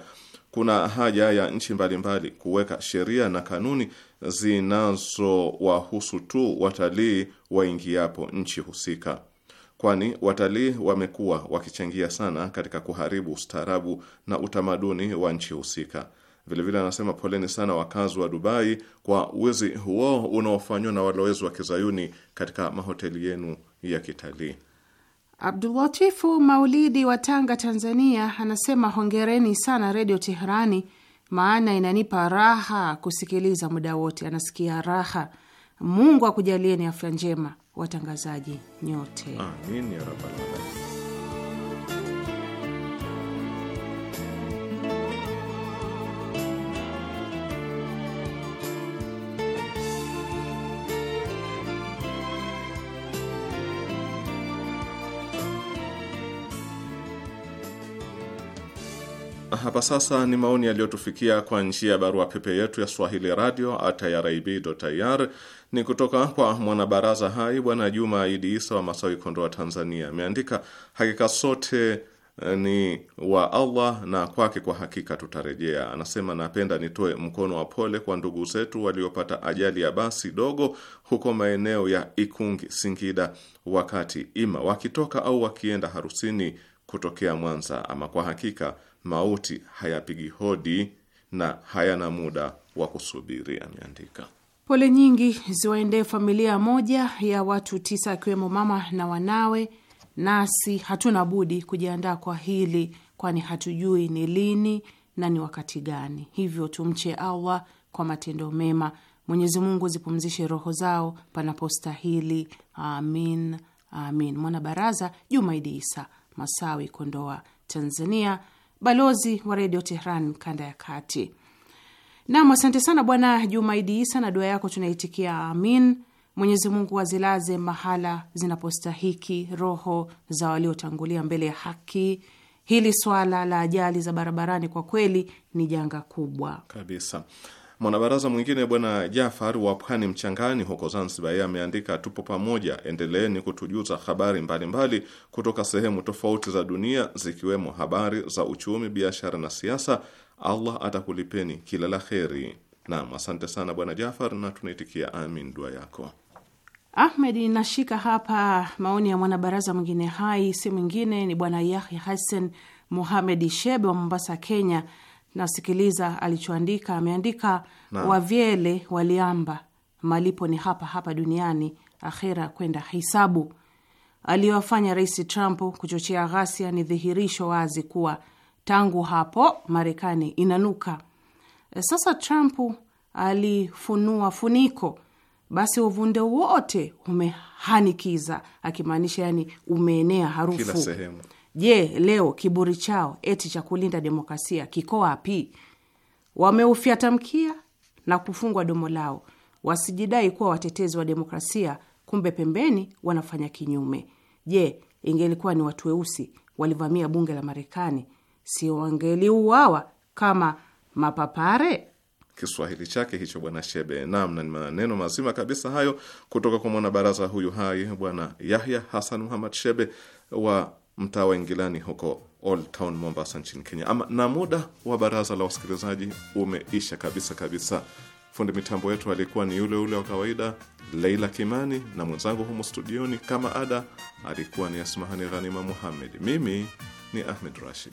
[SPEAKER 3] kuna haja ya nchi mbalimbali kuweka sheria na kanuni zinazowahusu tu watalii waingiapo nchi husika, kwani watalii wamekuwa wakichangia sana katika kuharibu ustaarabu na utamaduni wa nchi husika. Vilevile anasema poleni sana wakazi wa Dubai kwa wizi huo unaofanywa na walowezi wa kizayuni katika mahoteli yenu ya kitalii.
[SPEAKER 5] Abdulatifu Maulidi wa Tanga, Tanzania, anasema hongereni sana Redio Teherani maana inanipa raha kusikiliza muda wote, anasikia raha. Mungu akujalieni afya njema watangazaji
[SPEAKER 3] nyote, amin ya rabbal alamin. hapa sasa ni maoni yaliyotufikia kwa njia ya barua pepe yetu ya swahili radio irib.ir. Ni kutoka kwa mwanabaraza hai Bwana Juma Idi Isa wa Masawi, Kondoa, Tanzania. Ameandika, hakika sote eh, ni wa Allah na kwake kwa hakika tutarejea. Anasema, napenda nitoe mkono wa pole kwa ndugu zetu waliopata ajali ya basi dogo huko maeneo ya Ikungi, Singida, wakati ima wakitoka au wakienda harusini kutokea Mwanza. Ama kwa hakika mauti hayapigi hodi na hayana muda wa kusubiri, ameandika.
[SPEAKER 5] Pole nyingi ziwaendee familia moja ya watu tisa, akiwemo mama na wanawe. Nasi hatuna budi kujiandaa kwa hili, kwani hatujui ni lini na ni wakati gani. Hivyo tumche Allah kwa matendo mema. Mwenyezi Mungu zipumzishe roho zao panapostahili. Amin, amin. Mwana baraza Jumaidi Isa Masawi, Kondoa, Tanzania, balozi wa Redio Tehran kanda ya kati. Nam, asante sana Bwana Jumaidi Isa, na dua yako tunaitikia amin. Mwenyezi Mungu azilaze mahala zinapostahiki roho za waliotangulia mbele ya haki. Hili swala la ajali za barabarani kwa kweli ni janga kubwa
[SPEAKER 3] kabisa. Mwanabaraza mwingine Bwana Jafar wa Pwani Mchangani huko Zanzibar, yeye ameandika tupo pamoja, endeleeni kutujuza habari mbalimbali mbali kutoka sehemu tofauti za dunia zikiwemo habari za uchumi, biashara na siasa. Allah atakulipeni kila la kheri. Naam, asante sana Bwana Jafar na tunaitikia amin dua yako.
[SPEAKER 5] Ahmed, nashika hapa maoni ya mwanabaraza mwingine hai, si mwingine ni Bwana Yahya Hassan muhamedi Shebe wa Mombasa, Kenya nasikiliza alichoandika. Ameandika wavyele waliamba, malipo ni hapa hapa duniani, akhera kwenda hisabu. Aliyowafanya Rais Trump kuchochea ghasia ni dhihirisho wazi kuwa tangu hapo Marekani inanuka. E, sasa Trump alifunua funiko, basi uvunde wote umehanikiza, akimaanisha yani umeenea harufu kila sehemu. Je, leo kiburi chao eti cha kulinda demokrasia kiko wapi? Wameufyatamkia na kufungwa domo lao, wasijidai kuwa watetezi wa demokrasia, kumbe pembeni wanafanya kinyume. Je, ingelikuwa ni watu weusi walivamia bunge la Marekani, si wangeliuawa kama mapapare?
[SPEAKER 3] Kiswahili chake hicho Bwana Shebe. Naam, na ni maneno mazima kabisa hayo kutoka kwa mwanabaraza huyu hai Bwana Yahya Hasan Muhamad Shebe wa mtaa wa Ingilani huko Old Town Mombasa nchini Kenya. Ama, na muda wa baraza la wasikilizaji umeisha kabisa kabisa. Fundi mitambo yetu alikuwa ni yule yule wa kawaida Leila Kimani, na mwenzangu humo studioni kama ada alikuwa ni Asmahani Ghanima Muhammed. Mimi ni Ahmed Rashid.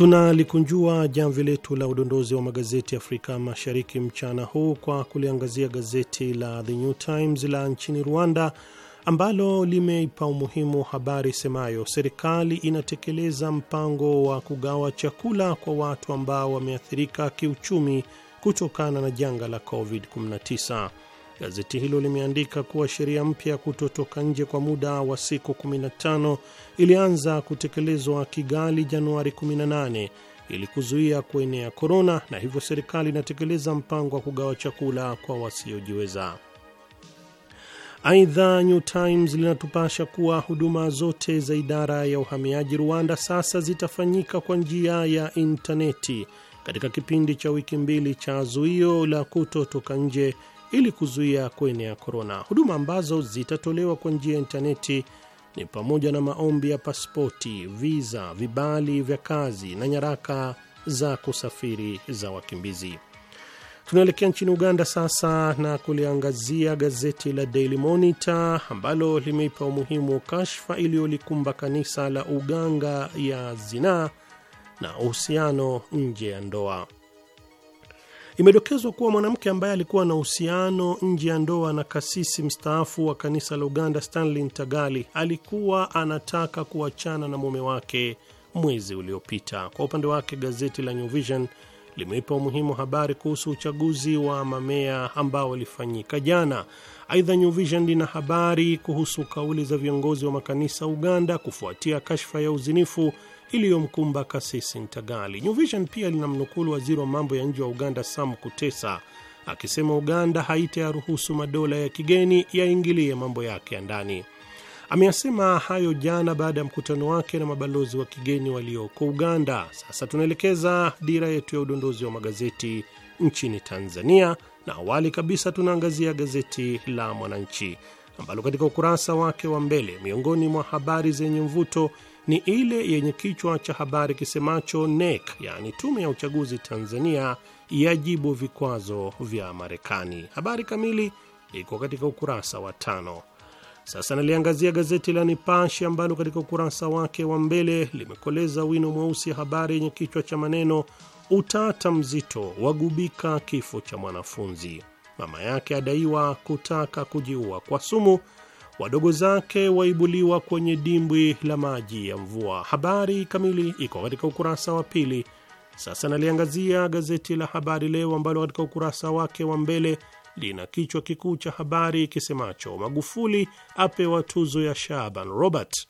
[SPEAKER 4] Tunalikunjua jamvi letu la udondozi wa magazeti Afrika Mashariki mchana huu kwa kuliangazia gazeti la The New Times la nchini Rwanda ambalo limeipa umuhimu habari semayo serikali inatekeleza mpango wa kugawa chakula kwa watu ambao wameathirika kiuchumi kutokana na janga la COVID-19. Gazeti hilo limeandika kuwa sheria mpya ya kutotoka nje kwa muda wa siku 15 ilianza kutekelezwa Kigali Januari 18 ili kuzuia kuenea korona, na hivyo serikali inatekeleza mpango wa kugawa chakula kwa wasiojiweza. Aidha, New Times linatupasha kuwa huduma zote za idara ya uhamiaji Rwanda sasa zitafanyika kwa njia ya intaneti katika kipindi cha wiki mbili cha zuio la kutotoka nje ili kuzuia kuenea korona. Huduma ambazo zitatolewa kwa njia ya intaneti ni pamoja na maombi ya pasipoti, viza, vibali vya kazi na nyaraka za kusafiri za wakimbizi. Tunaelekea nchini Uganda sasa na kuliangazia gazeti la Daily Monitor ambalo limeipa umuhimu kashfa iliyolikumba kanisa la uganga ya zinaa na uhusiano nje ya ndoa. Imedokezwa kuwa mwanamke ambaye alikuwa na uhusiano nje ya ndoa na kasisi mstaafu wa kanisa la Uganda Stanley Ntagali alikuwa anataka kuachana na mume wake mwezi uliopita. Kwa upande wake, gazeti la New Vision limeipa umuhimu habari kuhusu uchaguzi wa mamea ambao walifanyika jana. Aidha, New Vision lina habari kuhusu kauli za viongozi wa makanisa Uganda kufuatia kashfa ya uzinifu iliyomkumba Kasisi Ntagali. New Vision pia linamnukulu waziri wa mambo ya nje wa Uganda Sam Kutesa akisema Uganda haitayaruhusu madola ya kigeni yaingilie mambo yake ya ndani. Ameyasema hayo jana baada ya mkutano wake na mabalozi wa kigeni walioko Uganda. Sasa tunaelekeza dira yetu ya udondozi wa magazeti nchini Tanzania, na awali kabisa tunaangazia gazeti la Mwananchi ambalo katika ukurasa wake wa mbele, miongoni mwa habari zenye mvuto ni ile yenye kichwa cha habari kisemacho NEC, yaani tume ya uchaguzi Tanzania yajibu vikwazo vya Marekani. Habari kamili iko katika ukurasa wa tano. Sasa naliangazia gazeti la Nipashe ambalo katika ukurasa wake wa mbele limekoleza wino mweusi habari yenye kichwa cha maneno utata mzito wagubika kifo cha mwanafunzi, mama yake adaiwa kutaka kujiua kwa sumu wadogo zake waibuliwa kwenye dimbwi la maji ya mvua. Habari kamili iko katika ukurasa wa pili. Sasa naliangazia gazeti la Habari Leo ambalo katika ukurasa wake wa mbele lina kichwa kikuu cha habari kisemacho Magufuli apewa tuzo ya Shaban Robert.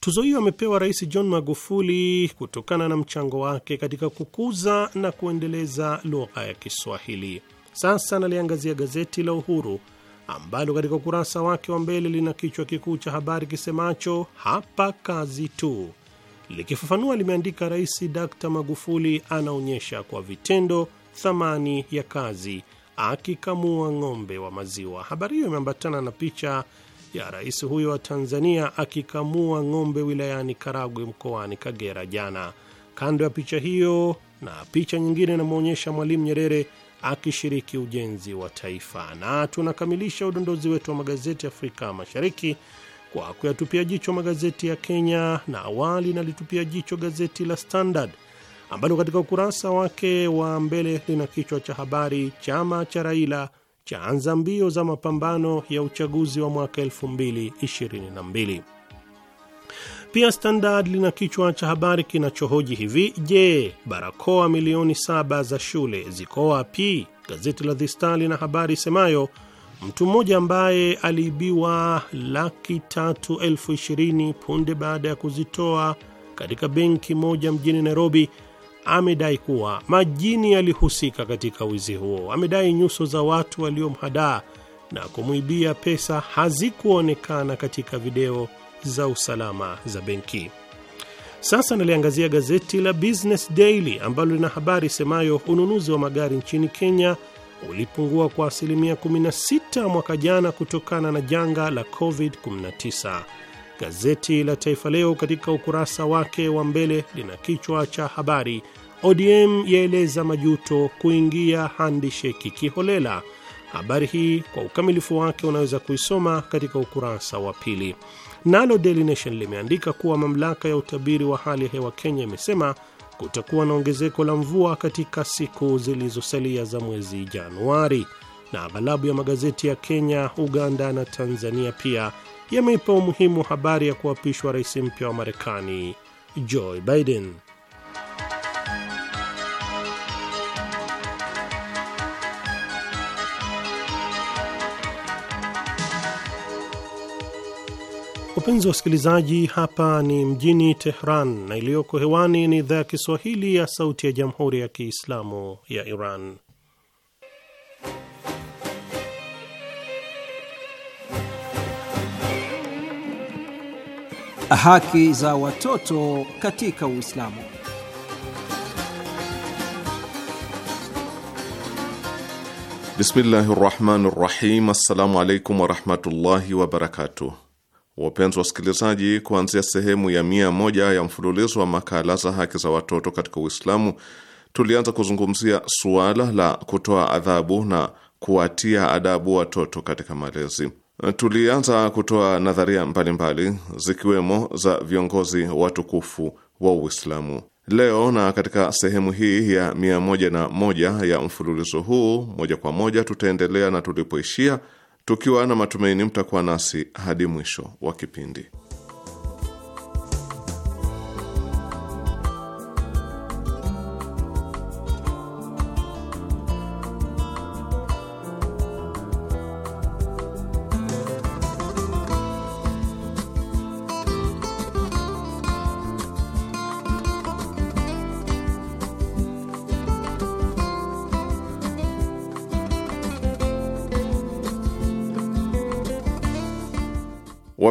[SPEAKER 4] Tuzo hiyo amepewa Rais John Magufuli kutokana na mchango wake katika kukuza na kuendeleza lugha ya Kiswahili. Sasa naliangazia gazeti la Uhuru ambalo katika ukurasa wake wa mbele lina kichwa kikuu cha habari kisemacho hapa kazi tu. Likifafanua limeandika Rais d Magufuli anaonyesha kwa vitendo thamani ya kazi akikamua ng'ombe wa maziwa. Habari hiyo imeambatana na picha ya rais huyo wa Tanzania akikamua ng'ombe wilayani Karagwe mkoani Kagera jana. Kando ya picha hiyo na picha nyingine inamwonyesha Mwalimu Nyerere akishiriki ujenzi wa taifa. Na tunakamilisha udondozi wetu wa magazeti Afrika Mashariki kwa kuyatupia jicho magazeti ya Kenya, na awali nalitupia jicho gazeti la Standard ambalo katika ukurasa wake wa mbele lina kichwa cha habari, chama cha Raila chaanza mbio za mapambano ya uchaguzi wa mwaka 222 pia Standard lina kichwa cha habari kinachohoji hivi: Je, barakoa milioni saba za shule ziko wapi? Gazeti la The Star lina habari semayo mtu mmoja ambaye aliibiwa laki tatu elfu ishirini punde baada ya kuzitoa katika benki moja mjini Nairobi amedai kuwa majini yalihusika katika wizi huo. Amedai nyuso za watu waliomhadaa na kumwibia pesa hazikuonekana katika video za usalama za benki. Sasa naliangazia gazeti la Business Daily ambalo lina habari semayo ununuzi wa magari nchini Kenya ulipungua kwa asilimia 16 mwaka jana kutokana na janga la COVID-19. Gazeti la Taifa Leo katika ukurasa wake wa mbele lina kichwa cha habari ODM yaeleza majuto kuingia handisheki kiholela. Habari hii kwa ukamilifu wake unaweza kuisoma katika ukurasa wa pili. Nalo Daily Nation limeandika kuwa mamlaka ya utabiri wa hali ya hewa Kenya imesema kutakuwa na ongezeko la mvua katika siku zilizosalia za mwezi Januari. Na aghalabu ya magazeti ya Kenya, Uganda na Tanzania pia yameipa umuhimu habari ya kuapishwa rais mpya wa Marekani Joe Biden. Wapenzi wa wasikilizaji, hapa ni mjini Tehran na iliyoko hewani ni idhaa ya Kiswahili ya Sauti ya Jamhuri ya Kiislamu ya Iran.
[SPEAKER 1] Haki za watoto katika Uislamu.
[SPEAKER 3] Bismillahi rahmani rahim. Assalamu alaikum warahmatullahi wabarakatuh. Wapenzi wasikilizaji, kuanzia sehemu ya mia moja ya mfululizo wa makala za haki za watoto katika Uislamu tulianza kuzungumzia suala la kutoa adhabu na kuwatia adabu watoto katika malezi. Tulianza kutoa nadharia mbalimbali zikiwemo za viongozi watukufu wa Uislamu. Leo na katika sehemu hii ya mia moja na moja ya mfululizo huu, moja kwa moja tutaendelea na tulipoishia tukiwa na matumaini mtakuwa nasi hadi mwisho wa kipindi.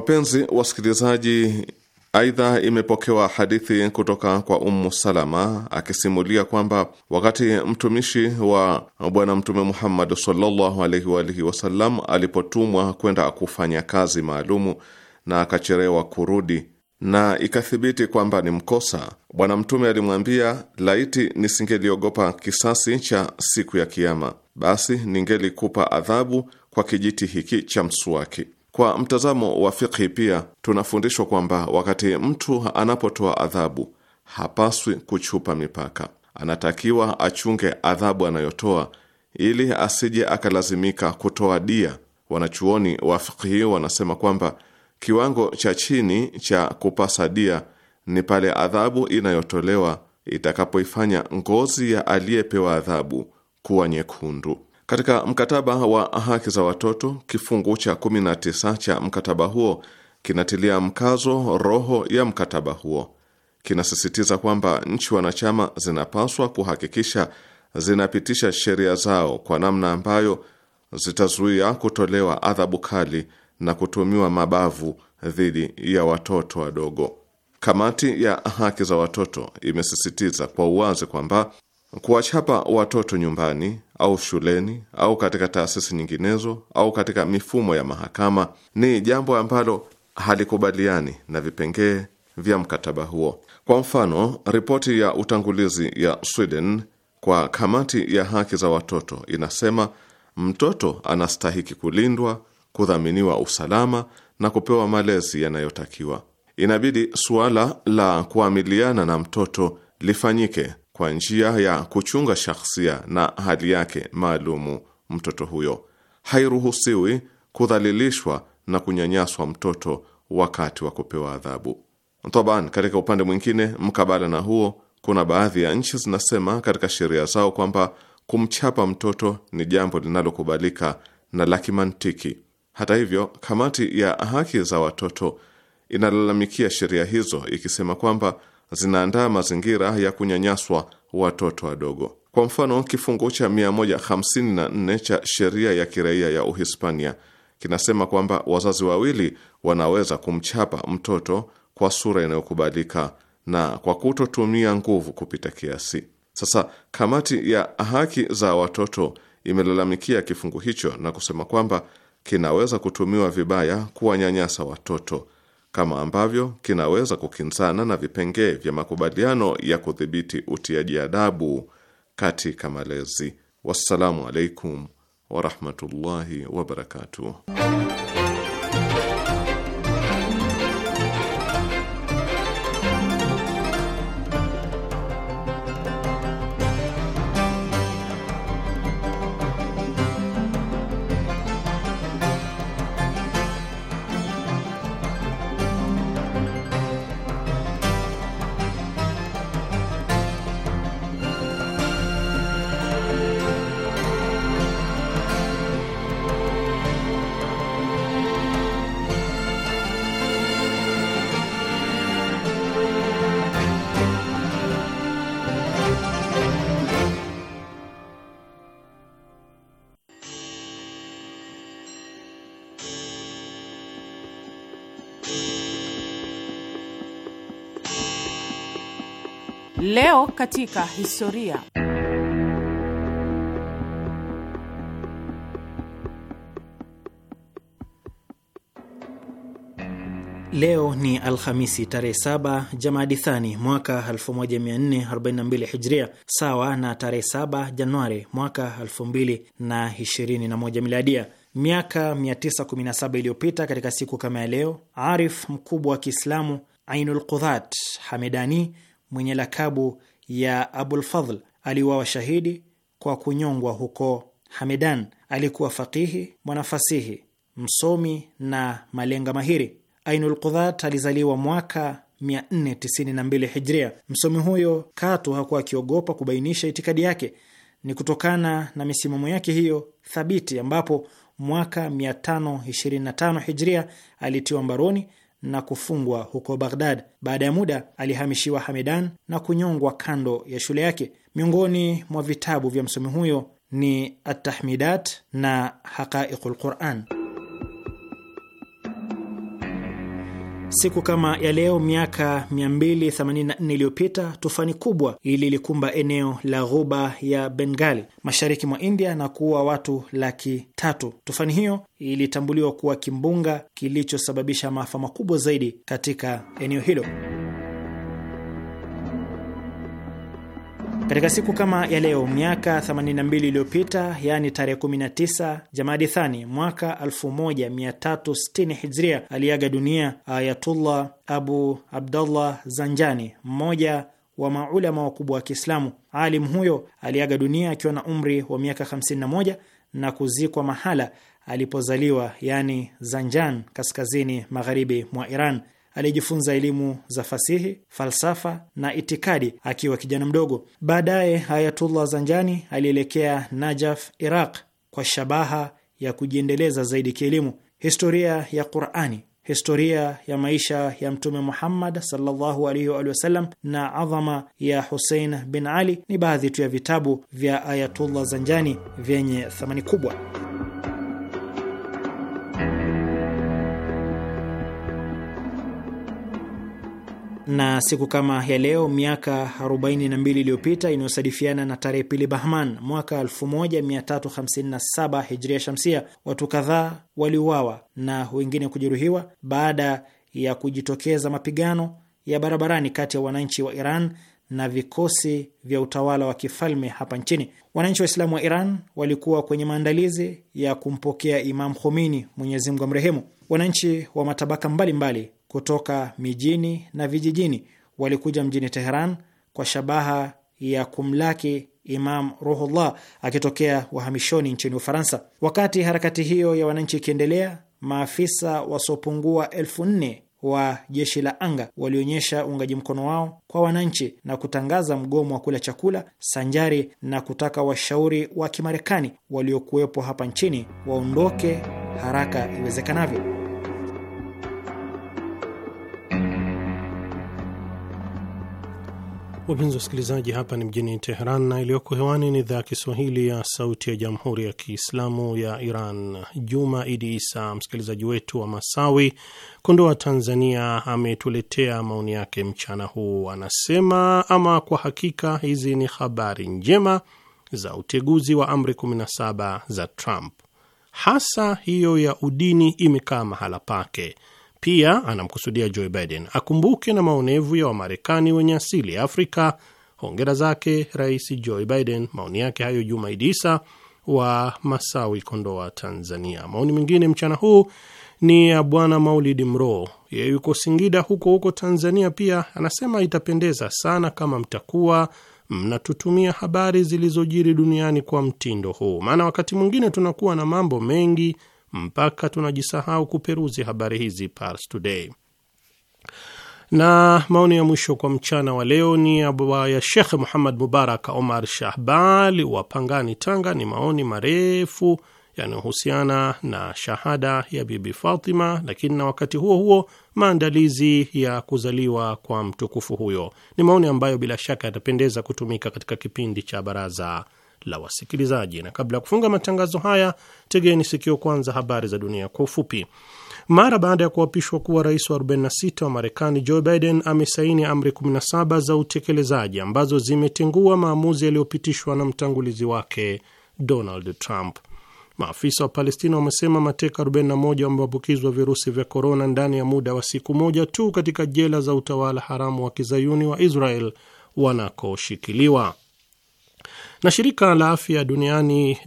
[SPEAKER 3] Wapenzi wasikilizaji, aidha imepokewa hadithi kutoka kwa Ummu Salama akisimulia kwamba wakati mtumishi wa Bwana Mtume Muhammad sallallahu alaihi wa alihi wasallam alipotumwa kwenda kufanya kazi maalumu na akachelewa kurudi na ikathibiti kwamba ni mkosa, Bwana Mtume alimwambia, laiti nisingeliogopa kisasi cha siku ya Kiama, basi ningelikupa adhabu kwa kijiti hiki cha msuwaki. Kwa mtazamo wa fikhi, pia tunafundishwa kwamba wakati mtu anapotoa adhabu hapaswi kuchupa mipaka, anatakiwa achunge adhabu anayotoa ili asije akalazimika kutoa dia. Wanachuoni wa fikhi wanasema kwamba kiwango cha chini cha kupasa dia ni pale adhabu inayotolewa itakapoifanya ngozi ya aliyepewa adhabu kuwa nyekundu. Katika mkataba wa haki za watoto, kifungu cha 19 cha mkataba huo kinatilia mkazo roho ya mkataba huo. Kinasisitiza kwamba nchi wanachama zinapaswa kuhakikisha zinapitisha sheria zao kwa namna ambayo zitazuia kutolewa adhabu kali na kutumiwa mabavu dhidi ya watoto wadogo. Kamati ya haki za watoto imesisitiza kwa uwazi kwamba kuwachapa watoto nyumbani au shuleni au katika taasisi nyinginezo au katika mifumo ya mahakama ni jambo ambalo halikubaliani na vipengee vya mkataba huo. Kwa mfano, ripoti ya utangulizi ya Sweden kwa kamati ya haki za watoto inasema mtoto anastahiki kulindwa, kudhaminiwa usalama na kupewa malezi yanayotakiwa. Inabidi suala la kuamiliana na mtoto lifanyike kwa njia ya kuchunga shakhsia na hali yake maalumu mtoto huyo. Hairuhusiwi kudhalilishwa na kunyanyaswa mtoto wakati wa kupewa adhabu. Taban, katika upande mwingine mkabala na huo, kuna baadhi ya nchi zinasema katika sheria zao kwamba kumchapa mtoto ni jambo linalokubalika na la kimantiki. Hata hivyo, kamati ya haki za watoto inalalamikia sheria hizo ikisema kwamba zinaandaa mazingira ya kunyanyaswa watoto wadogo. Kwa mfano, kifungu cha 154 cha sheria ya kiraia ya Uhispania kinasema kwamba wazazi wawili wanaweza kumchapa mtoto kwa sura inayokubalika na kwa kutotumia nguvu kupita kiasi. Sasa kamati ya haki za watoto imelalamikia kifungu hicho na kusema kwamba kinaweza kutumiwa vibaya kuwanyanyasa watoto kama ambavyo kinaweza kukinzana na vipengee vya makubaliano ya kudhibiti utiaji adabu katika malezi. Wassalamu alaikum warahmatullahi wabarakatuh.
[SPEAKER 5] Leo katika historia.
[SPEAKER 1] Leo ni Alhamisi tarehe 7 Jamadi Thani mwaka 1442 Hijria, sawa na tarehe 7 Januari mwaka 2021 Miladia. Miaka 917 iliyopita katika siku kama ya leo, arif mkubwa wa Kiislamu Ainul Qudhat Hamedani mwenye lakabu ya Abulfadhl aliuawa shahidi kwa kunyongwa huko Hamedan. Alikuwa faqihi, mwanafasihi, msomi na malenga mahiri. Ainul Qudhat alizaliwa mwaka 492 Hijria. Msomi huyo katu hakuwa akiogopa kubainisha itikadi yake. Ni kutokana na misimamo yake hiyo thabiti ambapo mwaka 525 Hijria alitiwa mbaroni na kufungwa huko Baghdad. Baada ya muda alihamishiwa Hamedan na kunyongwa kando ya shule yake. Miongoni mwa vitabu vya msomi huyo ni Atahmidat na Haqaiqul Quran. Siku kama ya leo miaka 284 iliyopita tufani kubwa ililikumba eneo la ghuba ya Bengali mashariki mwa India na kuua watu laki tatu. Tufani hiyo ilitambuliwa kuwa kimbunga kilichosababisha maafa makubwa zaidi katika eneo hilo. Katika siku kama ya leo miaka 82 iliyopita, yaani tarehe 19 Jamadi Thani mwaka 1360 Hijria, aliaga dunia Ayatullah Abu Abdallah Zanjani, mmoja wa maulama wakubwa wa Kiislamu. Alim huyo aliaga dunia akiwa na umri wa miaka 51 na kuzikwa mahala alipozaliwa, yaani Zanjan, kaskazini magharibi mwa Iran aliyejifunza elimu za fasihi, falsafa na itikadi akiwa kijana mdogo. Baadaye Ayatullah Zanjani alielekea Najaf, Iraq, kwa shabaha ya kujiendeleza zaidi kielimu. Historia ya Qurani, historia ya maisha ya Mtume Muhammad sallallahu alaihi wa na adhama ya Husein bin Ali ni baadhi tu ya vitabu vya Ayatullah Zanjani vyenye thamani kubwa. na siku kama ya leo miaka 42 iliyopita inayosadifiana na tarehe pili Bahman mwaka 1357 hijria shamsia, watu kadhaa waliuawa na wengine kujeruhiwa baada ya kujitokeza mapigano ya barabarani kati ya wananchi wa Iran na vikosi vya utawala wa kifalme hapa nchini. Wananchi wa islamu wa Iran walikuwa kwenye maandalizi ya kumpokea Imam Khomeini, Mwenyezi Mungu amrehemu. Wananchi wa matabaka mbalimbali mbali kutoka mijini na vijijini walikuja mjini Teheran kwa shabaha ya kumlaki Imam Ruhullah akitokea uhamishoni nchini Ufaransa. Wakati harakati hiyo ya wananchi ikiendelea, maafisa wasiopungua elfu nne wa jeshi la anga walionyesha uungaji mkono wao kwa wananchi na kutangaza mgomo wa kula chakula sanjari na kutaka washauri wa Kimarekani waliokuwepo hapa nchini waondoke haraka iwezekanavyo.
[SPEAKER 4] Wapenzi wasikilizaji, hapa ni mjini Teheran na iliyoko hewani ni idhaa ya Kiswahili ya Sauti ya Jamhuri ya Kiislamu ya Iran. Juma Idi Isa, msikilizaji wetu wa Masawi, Kondoa, Tanzania, ametuletea maoni yake mchana huu. Anasema, ama kwa hakika hizi ni habari njema za uteguzi wa amri 17 za Trump, hasa hiyo ya udini imekaa mahala pake pia anamkusudia Joe Biden akumbuke na maonevu ya Wamarekani wenye asili ya Afrika. Hongera zake Rais Joe Biden. Maoni yake hayo Juma Idisa wa Masawi, Kondoa, Tanzania. Maoni mengine mchana huu ni ya Bwana Maulidi Mro, yeye yuko Singida huko huko Tanzania. Pia anasema itapendeza sana kama mtakuwa mnatutumia habari zilizojiri duniani kwa mtindo huu, maana wakati mwingine tunakuwa na mambo mengi mpaka tunajisahau kuperuzi habari hizi Pars Today. Na maoni ya mwisho kwa mchana wa leo ni ya Shekh Muhammad Mubarak Omar Shahbal wa Pangani, Tanga. Ni maoni marefu yanayohusiana na shahada ya Bibi Fatima, lakini na wakati huo huo maandalizi ya kuzaliwa kwa mtukufu huyo. Ni maoni ambayo bila shaka yatapendeza kutumika katika kipindi cha Baraza la wasikilizaji. Na kabla ya kufunga matangazo haya, tegeni sikio kwanza habari za dunia kwa ufupi. Mara baada ya kuapishwa kuwa rais wa 46 wa Marekani, Joe Biden amesaini amri 17 za utekelezaji ambazo zimetengua maamuzi yaliyopitishwa na mtangulizi wake Donald Trump. Maafisa wa Palestina wamesema mateka 41 wameambukizwa virusi vya korona ndani ya muda wa siku moja tu katika jela za utawala haramu wa kizayuni wa Israel wanakoshikiliwa. Na shirika la afya duniani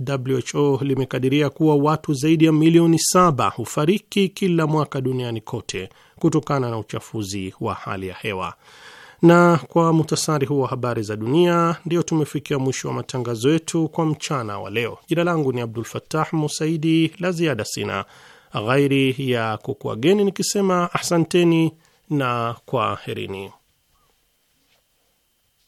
[SPEAKER 4] WHO limekadiria kuwa watu zaidi ya milioni saba hufariki kila mwaka duniani kote kutokana na uchafuzi wa hali ya hewa. Na kwa muhtasari huu wa habari za dunia, ndio tumefikia mwisho wa matangazo yetu kwa mchana wa leo. Jina langu ni Abdul Fattah Musaidi, la ziada sina ghairi ya kukuageni nikisema asanteni na kwaherini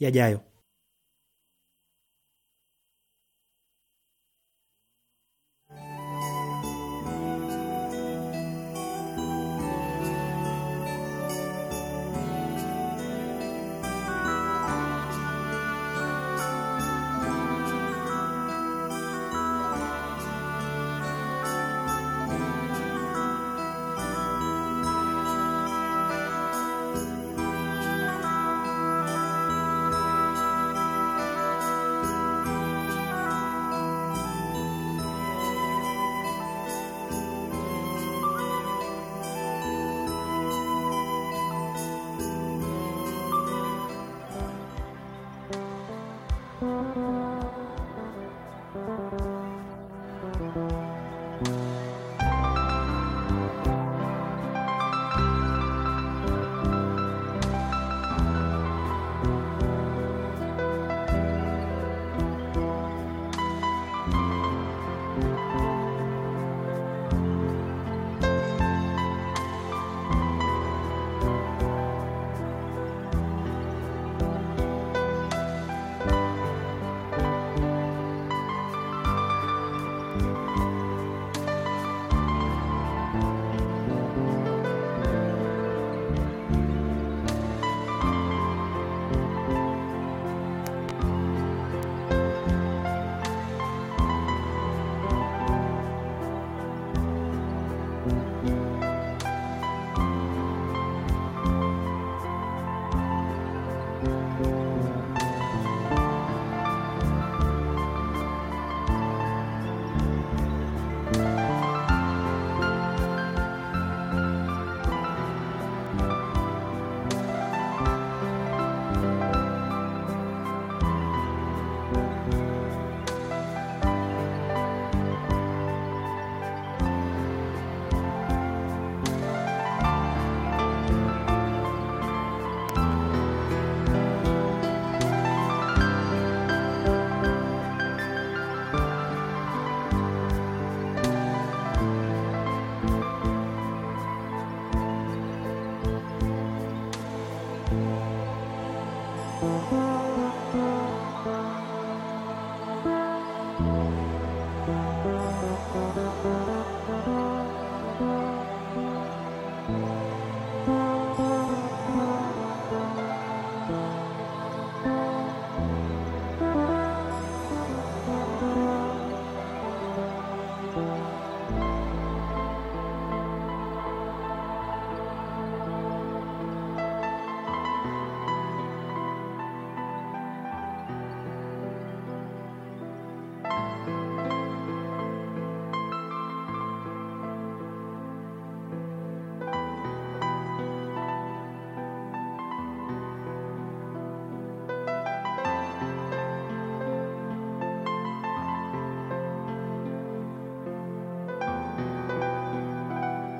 [SPEAKER 1] yajayo.